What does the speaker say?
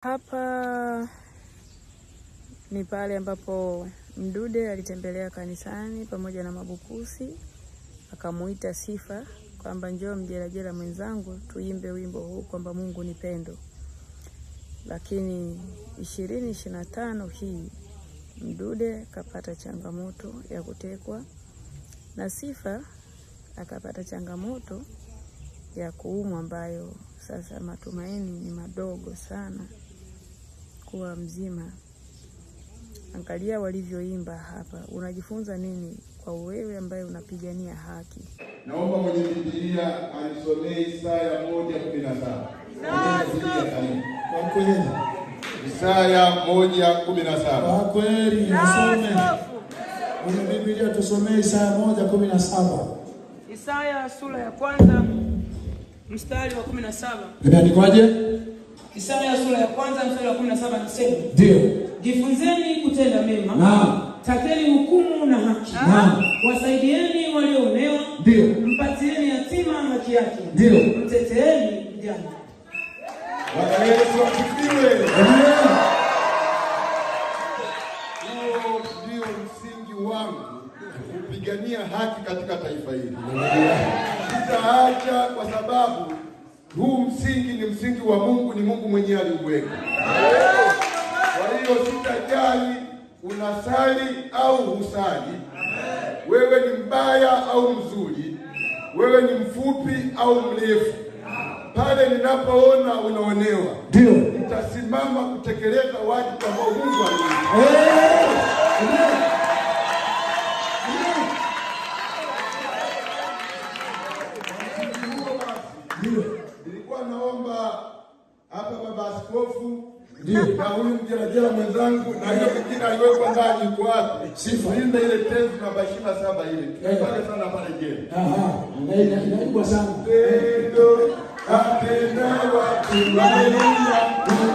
Hapa ni pale ambapo Mdude alitembelea kanisani pamoja na Mabukusi, akamuita Sifa kwamba njoo mjerajera mwenzangu, tuimbe wimbo huu kwamba Mungu ni pendo. Lakini ishirini ishirini na tano hii Mdude kapata changamoto ya kutekwa na Sifa akapata changamoto ya kuumwa, ambayo sasa matumaini ni madogo sana kuwa mzima. Angalia walivyoimba hapa, unajifunza nini kwa wewe ambaye unapigania haki? Naomba mwenye Biblia anisomee Isaya moja kumi na saba. Isaya moja kumi na saba. Kwa kweli nasome. Kwenye Biblia tusomee Isaya moja kumi na saba. Isaya sura ya kwanza mstari wa kumi na saba. Inaandikwaje? Isaya ya sura ya kwanza mstari wa saba anasema, ndio jifunzeni kutenda mema, takeni hukumu na haki, wasaidieni walioonewa, ndio, mpatieni yatima haki yake, ndio, mteteeni mjane. Bwana Yesu asifiwe. ndio msingi wangu kupigania haki katika taifa hili, sitaacha kwa sababu huu msingi ni msingi wa Mungu, ni Mungu mwenyewe aliuweka. Kwa hiyo sitajali unasali au husali, wewe ni mbaya au mzuri, wewe ni mfupi au mrefu, pale ninapoona unaonewa, ndio nitasimama kutekeleza wajibu ambao Mungu aliuweka. Ndio, na huyu mjerajera mwenzangu na hiyo fikira aliwekwa ndani kwa sifa. Linda ile tenzi na bashina saba ile. Eh. Tunapaka sana pale jela. Aha. Na inaibwa sana. Pendo apenda watu wa Mungu.